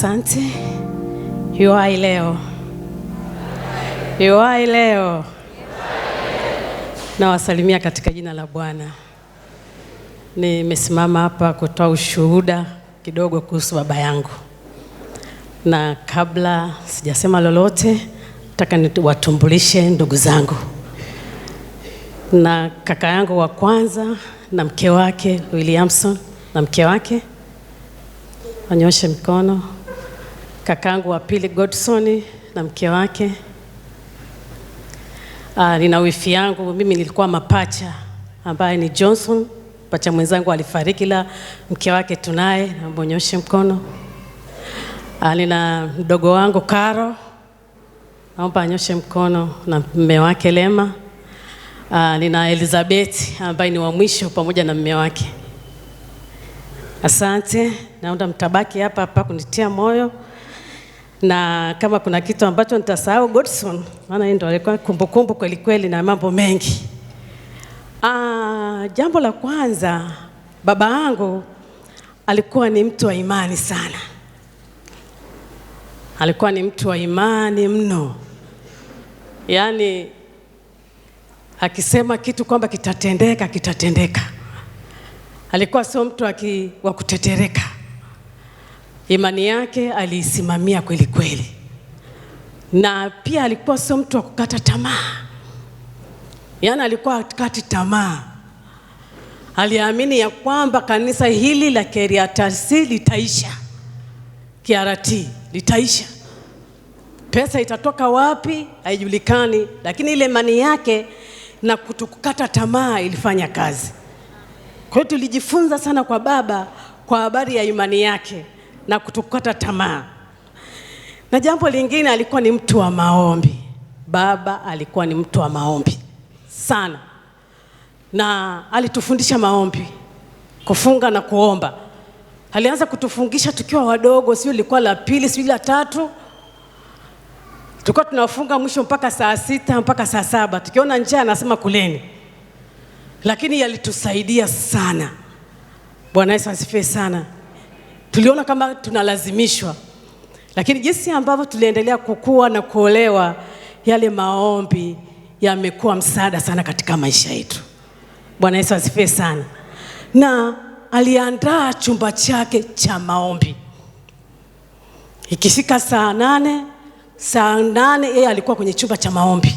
Asante. Yuai leo, yuai leo. Nawasalimia katika jina la Bwana. Nimesimama hapa kutoa ushuhuda kidogo kuhusu baba yangu, na kabla sijasema lolote, nataka niwatumbulishe ndugu zangu na kaka yangu wa kwanza na mke wake Williamson na mke wake, wanyoshe mikono kakangu wa pili Godson na mke wake. Aa, ah, nina wifi yangu mimi nilikuwa mapacha ambaye ni Johnson. Pacha mwenzangu alifariki, la mke wake tunaye, nambonyoshe mkono. Aa, ah, nina mdogo wangu Karo, naomba anyoshe mkono na mme wake Lema. Aa, ah, nina Elizabeth ambaye ni wa mwisho pamoja na mme wake. Asante, naunda mtabaki hapa hapa kunitia moyo na kama kuna kitu ambacho nitasahau Godson, maana yeye ndo alikuwa kumbukumbu kweli kweli na mambo mengi. Ah, jambo la kwanza, baba yangu alikuwa ni mtu wa imani sana, alikuwa ni mtu wa imani mno, yaani akisema kitu kwamba kitatendeka kitatendeka. Alikuwa sio mtu wa kutetereka imani yake aliisimamia kweli kweli, na pia alikuwa sio mtu wa kukata tamaa, yaani alikuwa akati tamaa. Aliamini ya kwamba kanisa hili la KRTC litaisha, KRT litaisha. Pesa itatoka wapi haijulikani, lakini ile imani yake na kutokukata tamaa ilifanya kazi. Kwa hiyo tulijifunza sana kwa baba kwa habari ya imani yake na kutukata tamaa. Na jambo lingine, alikuwa ni mtu wa maombi. Baba alikuwa ni mtu wa maombi sana, na alitufundisha maombi, kufunga na kuomba. Alianza kutufungisha tukiwa wadogo, sio ilikuwa la pili, sio la tatu tulikuwa tunafunga mwisho mpaka saa sita mpaka saa saba tukiona njaa anasema kuleni, lakini yalitusaidia sana. Bwana Yesu asifiwe sana tuliona kama tunalazimishwa, lakini jinsi ambavyo tuliendelea kukua na kuolewa, yale maombi yamekuwa msaada sana katika maisha yetu. Bwana Yesu asifiwe sana. Na aliandaa chumba chake cha maombi. Ikifika saa nane, saa nane yeye alikuwa kwenye chumba cha maombi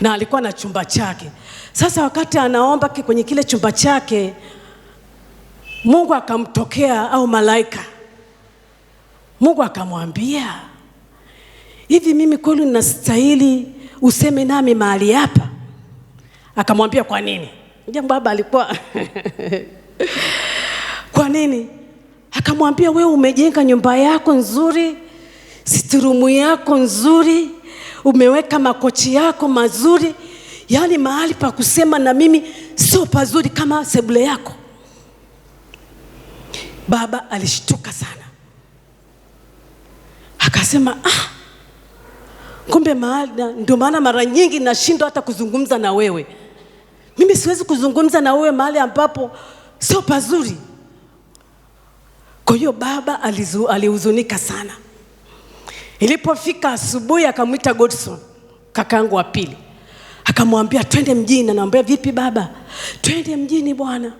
na alikuwa na chumba chake. Sasa wakati anaomba kwenye kile chumba chake Mungu akamtokea au malaika, Mungu akamwambia hivi, mimi kweli ninastahili useme nami mahali hapa? Akamwambia kwa nini? Jambo baba alikuwa kwa nini? Akamwambia wewe umejenga nyumba yako nzuri, siturumu yako nzuri, umeweka makochi yako mazuri, yaani mahali pa kusema na mimi sio pazuri kama sebule yako Baba alishtuka sana, akasema ah, kumbe maana, ndio maana mara nyingi nashindwa hata kuzungumza na wewe. Mimi siwezi kuzungumza na wewe mahali ambapo sio pazuri. Kwa hiyo baba alizu, alihuzunika sana. Ilipofika asubuhi, akamwita Godson kakaangu wa pili, akamwambia twende mjini. Anamwambia vipi baba? Twende mjini bwana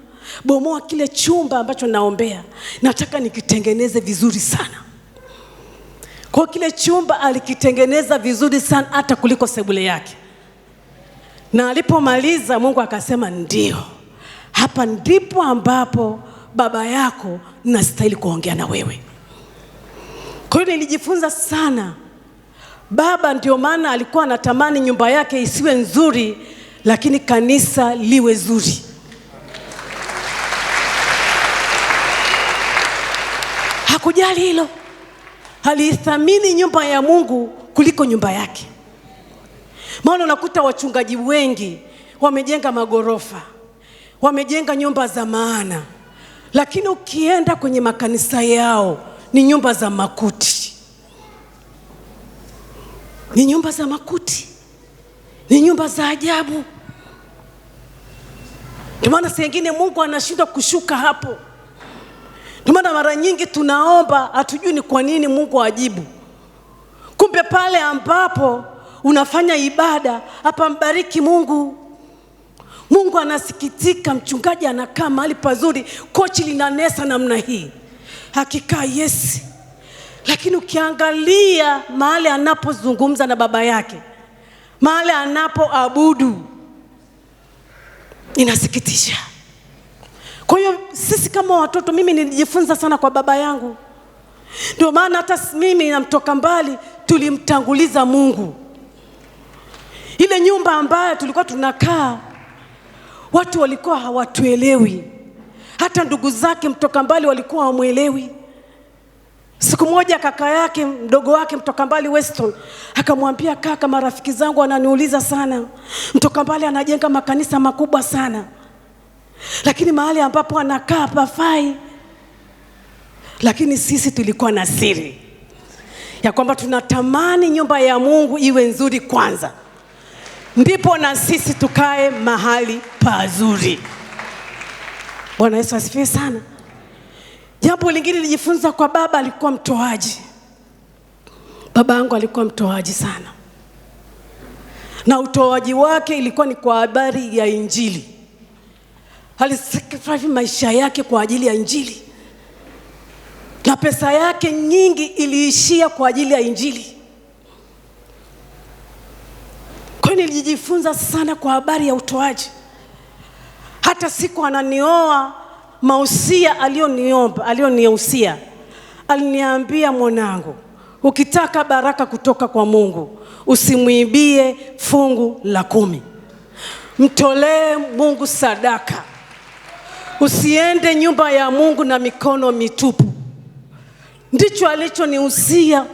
bomoa kile chumba ambacho naombea, nataka nikitengeneze vizuri sana. Kwa kile chumba alikitengeneza vizuri sana, hata kuliko sebule yake, na alipomaliza Mungu akasema, ndio hapa ndipo ambapo baba yako nastahili kuongea na wewe. Kwa hiyo nilijifunza sana baba, ndio maana alikuwa anatamani nyumba yake isiwe nzuri, lakini kanisa liwe zuri. hakujali hilo, aliithamini nyumba ya Mungu kuliko nyumba yake. Maana unakuta wachungaji wengi wamejenga magorofa, wamejenga nyumba za maana, lakini ukienda kwenye makanisa yao ni nyumba za makuti, ni nyumba za makuti, ni nyumba za ajabu. Ndio maana sengine Mungu anashindwa kushuka hapo. Ndio maana mara nyingi tunaomba hatujui ni kwa nini Mungu ajibu. Kumbe pale ambapo unafanya ibada hapa, mbariki Mungu. Mungu anasikitika, mchungaji anakaa mahali pazuri, kochi linanesa namna hii, hakika yesi Lakini ukiangalia mahali anapozungumza na baba yake, mahali anapoabudu, inasikitisha. Kwa hiyo sisi kama watoto, mimi nilijifunza sana kwa baba yangu, ndio maana hata mimi namtoka mbali, tulimtanguliza Mungu. Ile nyumba ambayo tulikuwa tunakaa, watu walikuwa hawatuelewi, hata ndugu zake mtoka mbali walikuwa hawamwelewi. Siku moja kaka yake mdogo wake mtoka mbali Weston akamwambia, kaka, marafiki zangu wananiuliza sana, mtoka mbali anajenga makanisa makubwa sana lakini mahali ambapo anakaa pafai. Lakini sisi tulikuwa na siri ya kwamba tunatamani nyumba ya Mungu iwe nzuri kwanza, ndipo na sisi tukae mahali pazuri. Bwana Yesu asifiwe sana. Jambo lingine nilijifunza kwa baba, alikuwa mtoaji. Baba yangu alikuwa mtoaji sana, na utoaji wake ilikuwa ni kwa habari ya Injili alisacrifice maisha yake kwa ajili ya Injili, na pesa yake nyingi iliishia kwa ajili ya Injili. Kwa hiyo nilijifunza sana kwa habari ya utoaji. Hata siku ananioa, mausia alioniomba, alioniusia, aliniambia, mwanangu, ukitaka baraka kutoka kwa Mungu usimwibie fungu la kumi, mtolee Mungu sadaka Usiende nyumba ya Mungu na mikono mitupu. Ndicho alichonihusia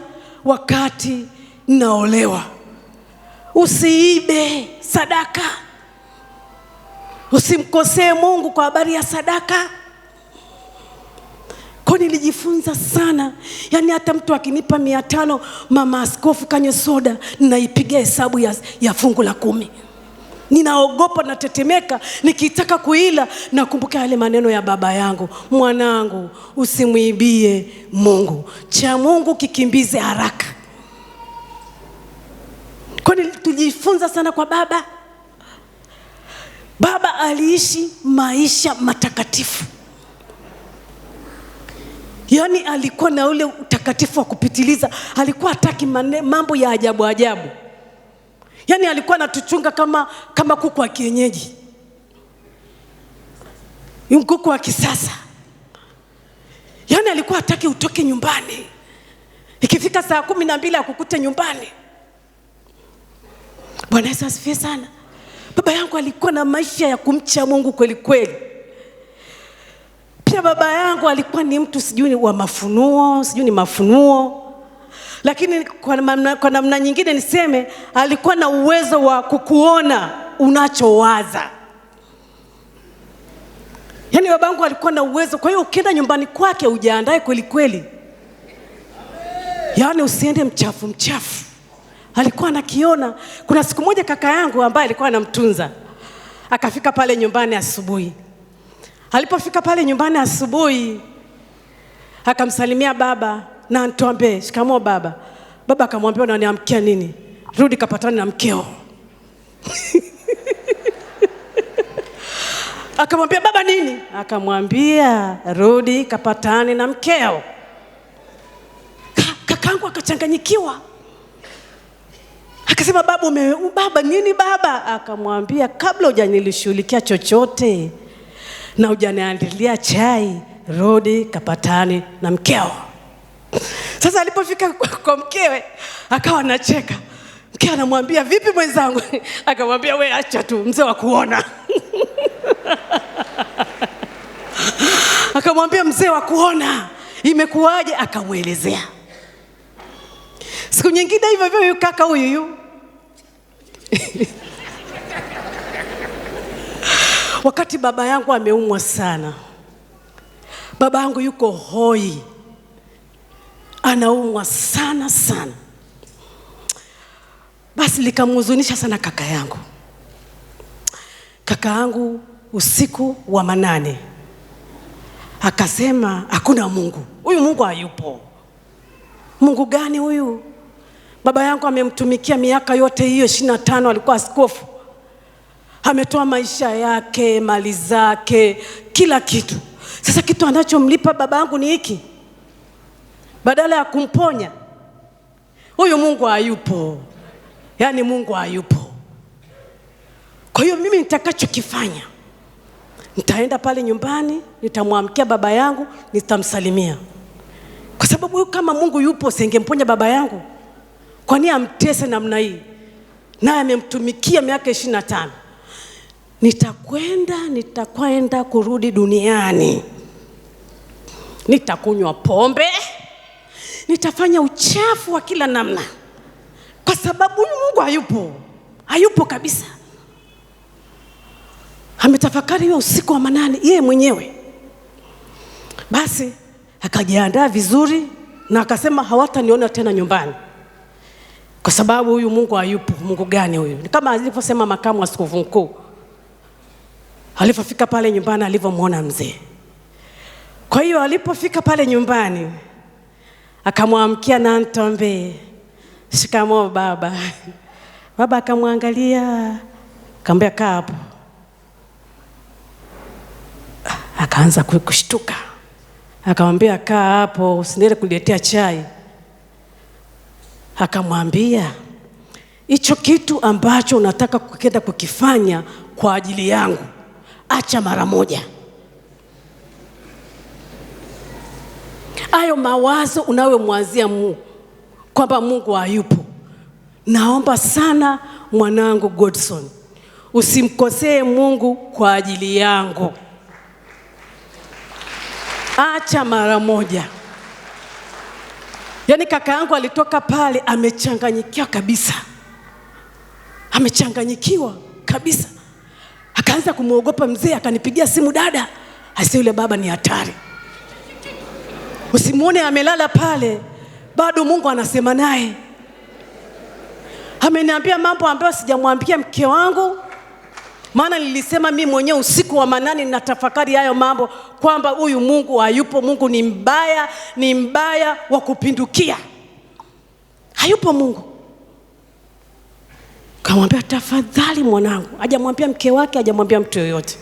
wakati naolewa. Usiibe sadaka, usimkosee Mungu kwa habari ya sadaka. Kwa nilijifunza sana, yaani hata mtu akinipa mia tano, mama askofu, kanye soda, naipiga hesabu ya, ya fungu la kumi ninaogopa, natetemeka nikitaka kuila, nakumbuka yale maneno ya baba yangu, mwanangu, usimwibie Mungu, cha Mungu kikimbize haraka. Kwani tujifunza sana kwa baba. Baba aliishi maisha matakatifu, yaani alikuwa na ule utakatifu wa kupitiliza, alikuwa hataki mambo ya ajabu ajabu. Yaani alikuwa anatuchunga kama, kama kuku wa kienyeji, kuku wa kisasa. Yaani alikuwa hataki utoke nyumbani, ikifika saa kumi na mbili akukute nyumbani. Bwana Yesu asifiwe sana. Baba yangu alikuwa na maisha ya kumcha Mungu kweli kweli. Pia baba yangu alikuwa ni mtu sijui wa mafunuo, sijui ni mafunuo lakini kwa namna, kwa namna nyingine niseme alikuwa na uwezo wa kukuona unachowaza. Yaani babangu alikuwa na uwezo. Kwa hiyo ukienda nyumbani kwake ujiandae kweli kweli, yaani usiende mchafu mchafu. Alikuwa anakiona. Kuna siku moja kaka yangu ambaye alikuwa anamtunza akafika pale nyumbani asubuhi. Alipofika pale nyumbani asubuhi, akamsalimia baba na nituambie, shikamoo baba. Baba akamwambia unaniamkia nini? Rudi kapatani na mkeo akamwambia baba nini? Akamwambia rudi kapatani na mkeo. Kakangu akachanganyikiwa akasema, baba ume, baba nini baba? Akamwambia kabla hujanilishughulikia chochote na hujaniandalia chai, rudi kapatani na mkeo. Sasa alipofika kwa mkewe akawa anacheka. Mkewe anamwambia vipi mwenzangu? Akamwambia we acha tu, mzee wa kuona akamwambia mzee wa kuona imekuwaje? Akamwelezea. Siku nyingine hivyo hivyo, huyu kaka huyu wakati baba yangu ameumwa sana, baba yangu yuko hoi anaumwa sana sana. Basi likamhuzunisha sana kaka yangu. Kaka yangu usiku wa manane akasema, hakuna Mungu huyu, Mungu hayupo. Mungu gani huyu? Baba yangu amemtumikia miaka yote hiyo ishirini na tano, alikuwa askofu, ametoa maisha yake, mali zake, kila kitu. Sasa kitu anachomlipa baba yangu ni hiki badala ya kumponya huyu, Mungu hayupo, yaani Mungu hayupo. Kwa hiyo mimi nitakachokifanya, nitaenda pale nyumbani, nitamwamkia baba yangu, nitamsalimia, kwa sababu kama Mungu yupo, singemponya baba yangu. Kwa nini amtese namna hii? Naye amemtumikia miaka ishirini na tano. Nitakwenda, nitakwenda kurudi duniani, nitakunywa pombe nitafanya uchafu wa kila namna, kwa sababu Mungu hayupo, hayupo kabisa. Ametafakari hiyo usiku wa manane yeye mwenyewe. Basi akajiandaa vizuri na akasema hawataniona tena nyumbani, kwa sababu huyu Mungu hayupo. Mungu gani huyu? Kama alivyosema makamu askofu mkuu alivyofika pale nyumbani alivyomwona mzee. Kwa hiyo alipofika pale nyumbani akamwamkia Nantombe, shikamo baba. Baba akamwangalia akamwambia kaa hapo, ah, akaanza kushtuka, akamwambia kaa hapo, usiniende kuletea chai. Akamwambia hicho kitu ambacho unataka kukenda kukifanya kwa ajili yangu, acha mara moja. hayo mawazo unayomwazia Mungu kwamba Mungu hayupo. Naomba sana mwanangu Godson, usimkosee Mungu kwa ajili yangu. Acha mara moja. Yaani kaka yangu alitoka pale amechanganyikiwa kabisa, amechanganyikiwa kabisa, akaanza kumwogopa mzee. Akanipigia simu, dada, asiye yule baba ni hatari. Usimwone amelala pale, bado Mungu anasema naye. Ameniambia mambo ambayo sijamwambia mke wangu, maana nilisema mimi mwenyewe usiku wa manani na tafakari hayo mambo kwamba huyu Mungu hayupo. Mungu ni mbaya, ni mbaya wa kupindukia, hayupo Mungu. Kamwambia tafadhali mwanangu, hajamwambia mke wake, hajamwambia mtu yoyote.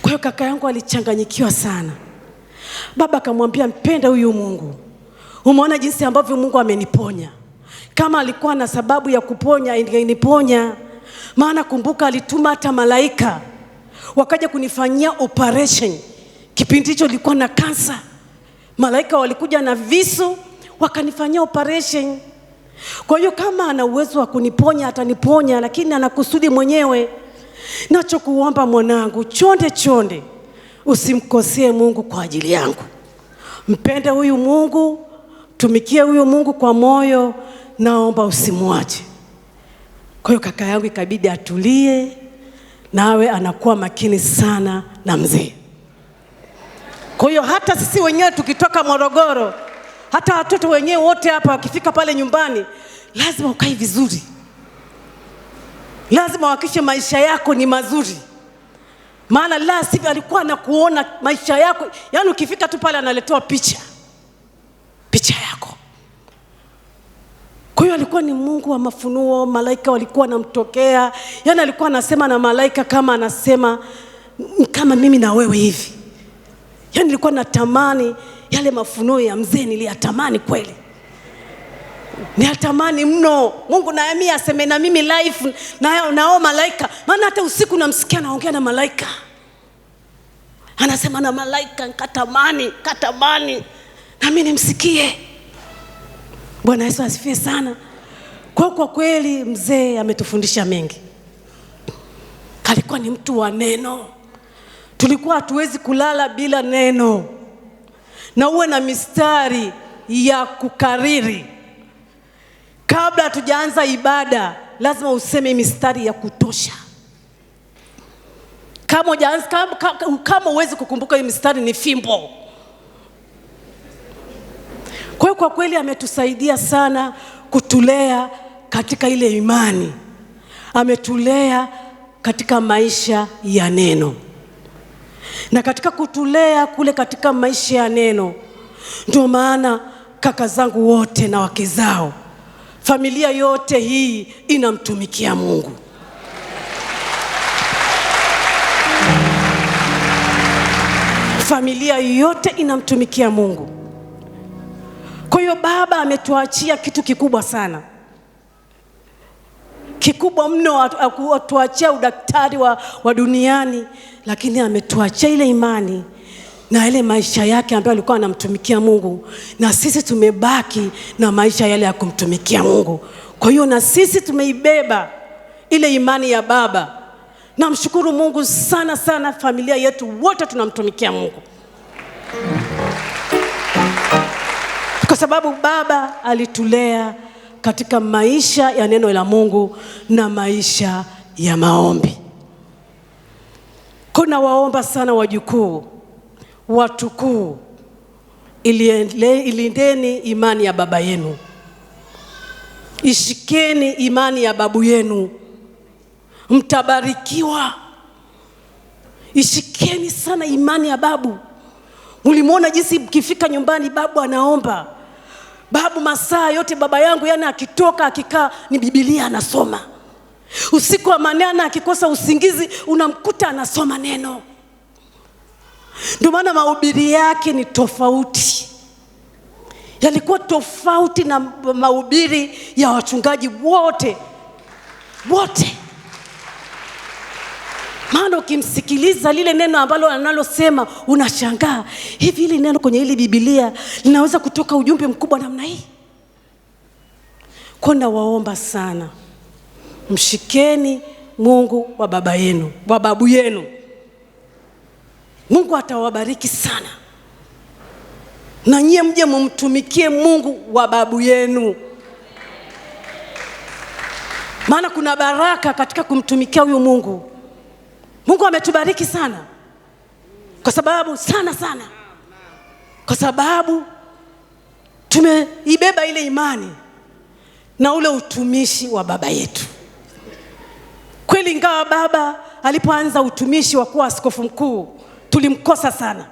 Kwa hiyo kaka yangu alichanganyikiwa sana. Baba akamwambia mpenda huyu Mungu, umeona jinsi ambavyo Mungu ameniponya. Kama alikuwa na sababu ya kuponya ingeniponya, maana kumbuka, alituma hata malaika wakaja kunifanyia operation. Kipindi hicho nilikuwa na kansa, malaika walikuja na visu wakanifanyia operation. Kwa hiyo kama ana uwezo wa kuniponya ataniponya, lakini anakusudi mwenyewe. Nachokuomba mwanangu, chonde chonde Usimkosee Mungu kwa ajili yangu. Mpende huyu Mungu, tumikie huyu Mungu kwa moyo, naomba usimwache. Kwa hiyo kaka yangu ikabidi atulie, nawe anakuwa makini sana na mzee. Kwa hiyo hata sisi wenyewe tukitoka Morogoro, hata watoto wenyewe wote hapa wakifika pale nyumbani, lazima ukae vizuri, lazima uhakikishe maisha yako ni mazuri maana la sivyo alikuwa anakuona maisha yako, yaani ukifika tu pale analetewa picha picha yako. Kwa hiyo alikuwa ni Mungu wa mafunuo, malaika walikuwa anamtokea, yaani alikuwa anasema na malaika kama anasema kama mimi na wewe hivi. Yaani na natamani yale mafunuo ya mzee, niliyatamani kweli. Niatamani mno Mungu naye aseme na mimi live na nao malaika, maana hata usiku namsikia naongea na malaika, anasema na malaika, nkatamani katamani nami nimsikie. Bwana Yesu asifie sana. Kwa kwa kweli mzee ametufundisha mengi, alikuwa ni mtu wa neno. Tulikuwa hatuwezi kulala bila neno, na uwe na mistari ya kukariri Kabla hatujaanza ibada, lazima useme mistari ya kutosha. Kama hujaanza, kama huwezi kukumbuka hii mistari, ni fimbo. Kwa hiyo, kwa kweli ametusaidia sana kutulea katika ile imani, ametulea katika maisha ya neno, na katika kutulea kule katika maisha ya neno, ndio maana kaka zangu wote na wake zao familia yote hii inamtumikia Mungu. Familia yote inamtumikia Mungu. Kwa hiyo Baba ametuachia kitu kikubwa sana, kikubwa mno. Atuachia udaktari wa, wa duniani, lakini ametuachia ile imani na ile maisha yake ambayo alikuwa anamtumikia Mungu, na sisi tumebaki na maisha yale ya kumtumikia Mungu. Kwa hiyo na sisi tumeibeba ile imani ya baba. Namshukuru Mungu sana sana, familia yetu wote tunamtumikia Mungu kwa sababu baba alitulea katika maisha ya neno la Mungu na maisha ya maombi. Kuna waomba sana wajukuu watukuu, ilindeni imani ya baba yenu, ishikeni imani ya babu yenu, mtabarikiwa. Ishikeni sana imani ya babu. Mlimwona jinsi mkifika nyumbani, babu anaomba babu masaa yote baba yangu, yani akitoka akikaa ni bibilia anasoma. Usiku wa manane akikosa usingizi, unamkuta anasoma neno. Ndio maana mahubiri yake ni tofauti, yalikuwa tofauti na mahubiri ya wachungaji wote wote. Maana ukimsikiliza lile neno ambalo analosema unashangaa, hivi hili neno kwenye hili Biblia linaweza kutoka ujumbe mkubwa namna hii? Kwa nawaomba sana, mshikeni Mungu wa baba yenu wa babu yenu. Mungu atawabariki sana, na nyie mje mumtumikie Mungu wa babu yenu, maana kuna baraka katika kumtumikia huyu Mungu. Mungu ametubariki sana, kwa sababu sana sana, kwa sababu tumeibeba ile imani na ule utumishi wa baba yetu kweli. Ingawa baba alipoanza utumishi wa kuwa askofu mkuu tulimkosa sana,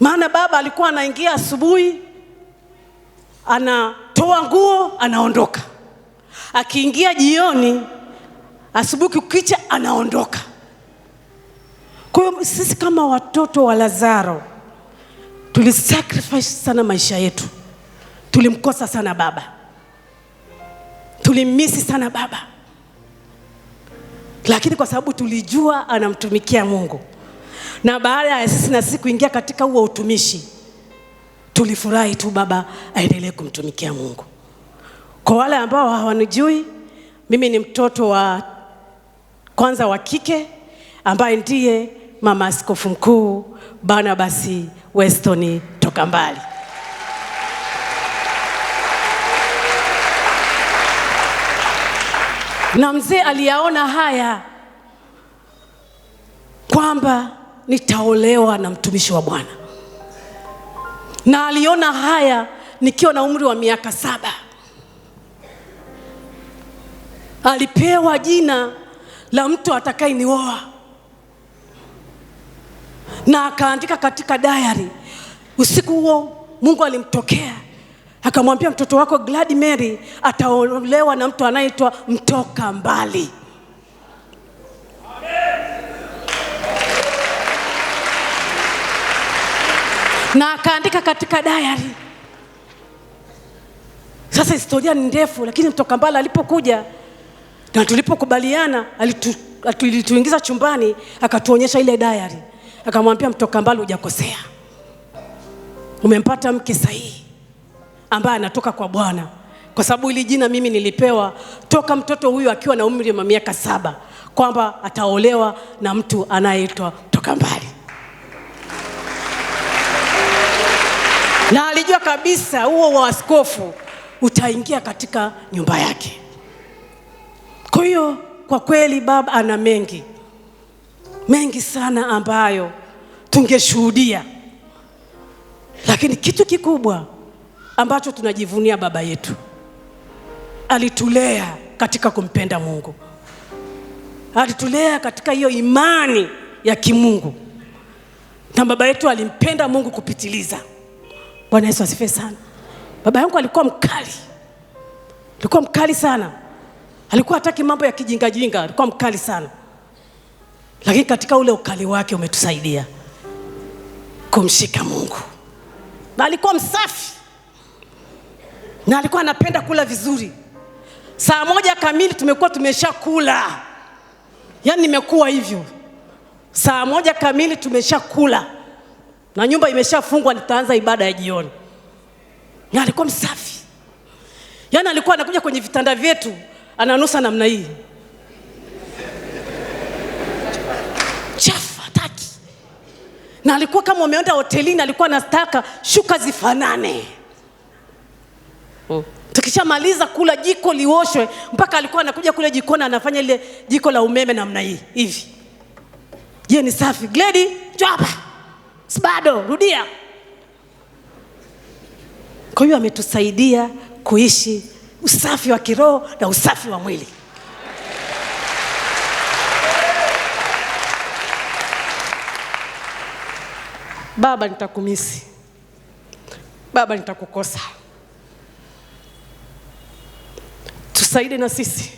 maana baba alikuwa anaingia asubuhi, anatoa nguo, anaondoka, akiingia jioni, asubuhi kukicha, anaondoka. Kwa hiyo sisi kama watoto wa Lazaro tulisacrifice sana maisha yetu, tulimkosa sana baba, tulimisi sana baba lakini kwa sababu tulijua anamtumikia Mungu, na baada ya sisi na sisi kuingia katika huo utumishi, tulifurahi tu baba aendelee kumtumikia Mungu. Kwa wale ambao hawanijui, mimi ni mtoto wa kwanza wa kike ambaye ndiye mama askofu mkuu Barnabas Weston toka mbali. na mzee aliyaona haya kwamba nitaolewa na mtumishi wa Bwana, na aliona haya nikiwa na umri wa miaka saba. Alipewa jina la mtu atakayenioa na akaandika katika dayari. Usiku huo Mungu alimtokea akamwambia mtoto wako Glad Mary ataolewa na mtu anayeitwa mtoka mbali. na akaandika katika dayari. Sasa historia ni ndefu, lakini mtoka mbali alipokuja na tulipokubaliana, alituingiza chumbani, akatuonyesha ile dayari, akamwambia mtoka mbali, hujakosea, umempata mke sahihi ambaye anatoka kwa Bwana, kwa sababu hili jina mimi nilipewa toka mtoto huyu akiwa na umri wa miaka saba kwamba ataolewa na mtu anayeitwa toka mbali, na alijua kabisa huo wa askofu utaingia katika nyumba yake. Kwa hiyo kwa kweli baba ana mengi mengi sana ambayo tungeshuhudia, lakini kitu kikubwa ambacho tunajivunia baba yetu alitulea katika kumpenda Mungu, alitulea katika hiyo imani ya kimungu, na baba yetu alimpenda Mungu kupitiliza. Bwana Yesu asifiwe sana. Baba yangu alikuwa mkali, alikuwa mkali sana, alikuwa hataki mambo ya kijingajinga, alikuwa mkali sana, lakini katika ule ukali wake umetusaidia kumshika Mungu, na alikuwa msafi na alikuwa anapenda kula vizuri. Saa moja kamili tumekuwa tumesha kula, yaani nimekuwa hivyo, saa moja kamili tumesha kula na nyumba imeshafungwa, nitaanza ibada ya jioni. Na alikuwa msafi, yaani alikuwa anakuja kwenye vitanda vyetu ananusa namna hii chafu, hataki. Na alikuwa kama umeenda hotelini, alikuwa anataka shuka zifanane Tukishamaliza kula jiko lioshwe, mpaka alikuwa anakuja kule jikoni anafanya ile jiko la umeme namna hii hivi. Je, ni safi? Gledi, njoo hapa. Sibado, rudia. Kwa hiyo ametusaidia kuishi usafi wa kiroho na usafi wa mwili. Baba, nitakumisi. Baba, nitakukosa. tusaidie na sisi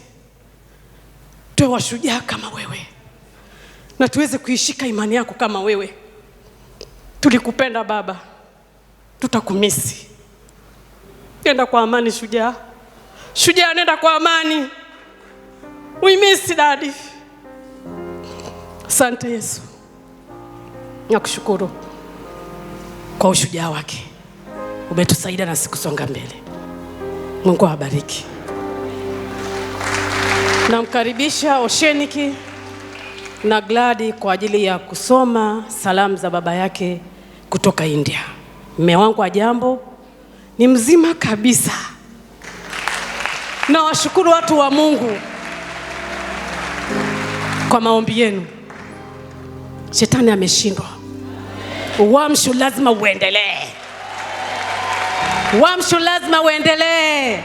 tuwe washujaa kama wewe na tuweze kuishika imani yako kama wewe. Tulikupenda Baba, tutakumisi. Nenda kwa amani, shujaa. Shujaa, nenda kwa amani, uimisi dadi. Asante Yesu, nakushukuru kwa ushujaa wake, umetusaidia na sikusonga mbele. Mungu awabariki. Namkaribisha Osheniki na Gladi kwa ajili ya kusoma salamu za baba yake kutoka India. Mme wangu wa jambo ni mzima kabisa. Na washukuru watu wa Mungu kwa maombi yenu. Shetani ameshindwa. Uamsho lazima uendelee. Uamsho lazima uendelee.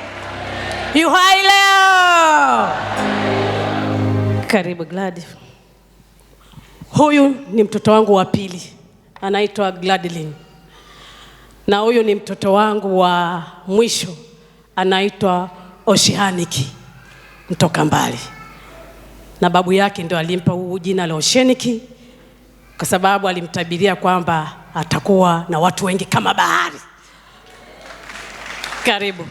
Yuhai leo karibu Gladi. Huyu ni mtoto wangu wa pili, anaitwa Gladlin, na huyu ni mtoto wangu wa mwisho, anaitwa Oshianiki mtoka mbali, na babu yake ndio alimpa huu jina la Oshianiki kwa sababu alimtabiria kwamba atakuwa na watu wengi kama bahari. Karibu.